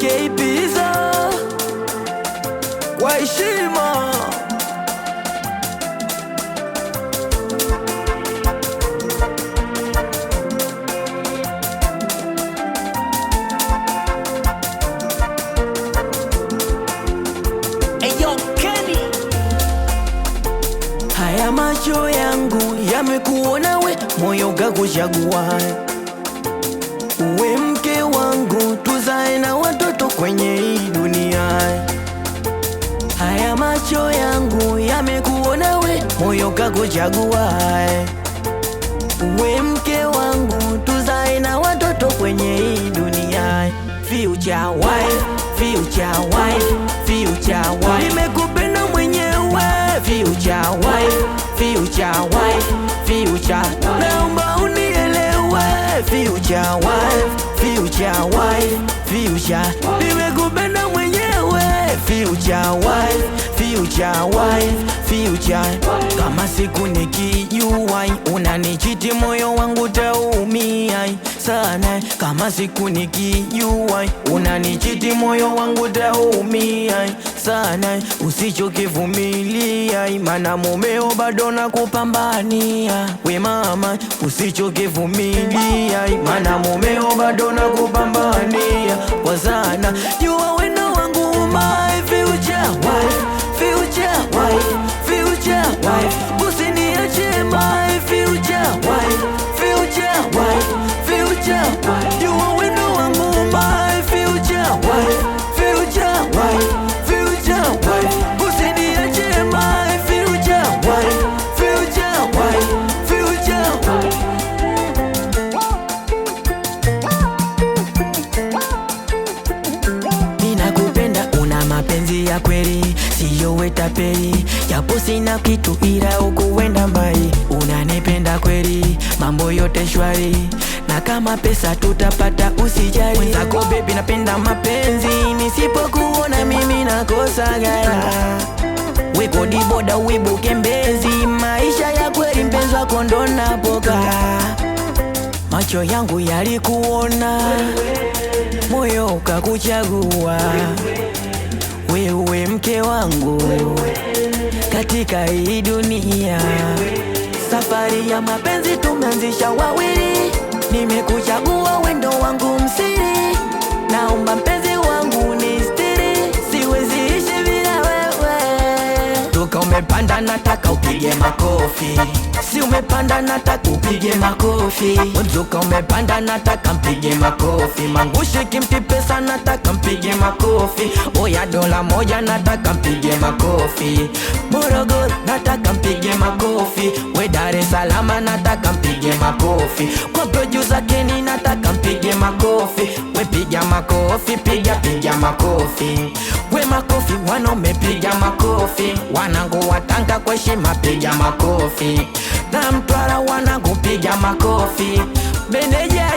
weke Ibiza kwa heshima. Haya macho yangu yamekuona we, moyo gakuchagua moyo kakuchagua uwe mke wangu, tuzae na watoto kwenye hii dunia. Future wife, future wife, future wife, nimekupenda mwenyewe. Future wife, future wife, future, naomba unielewe. Future wife, future wife, future, nimekupenda mwenyewe. Future wife future wife, future. Kama siku nikijua unanichiti moyo wangu taumia sana, kama siku nikijua unanichiti moyo wangu taumia sana. Usichokivumilia maana mumeo bado nakupambania, we mama, usichokivumilia maana mumeo bado nakupambania kwa sana ya kweli, siyo wetapeli, japo sina kitu ila ukuwenda mbali. Unanipenda kweli, mambo yote shwari, na kama pesa tutapata usijali. Mwenzako baby, napenda mapenzi, nisipokuona mimi nakosa gara. Wekodi boda uibuke mbezi, maisha ya kweli mpenzi wako ndo napoka. Macho yangu yalikuona, moyo ukakuchagua katika hii dunia. Safari ya mapenzi tumeanzisha wawili, nimekuchagua wendo wangu msiri, naomba mpenzi wangu ni stiri, siwezi ishi bila wewe, toka umepanda na Pige makofi, si umepanda nataka upige makofi. Mzuka umepanda nataka mpige makofi. Mangushi kimti nataka mpige makofi. Oya dola moja nataka mpige makofi. Morogoro nataka mpige makofi. We Dar nataka mpige makofi. Kwa producer keni nataka mpige makofi makofi, piga piga makofi, we makofi, wanaume piga makofi, wanangu watanga kwa heshima, piga makofi, na Mtwara wanangu piga makofi, meneja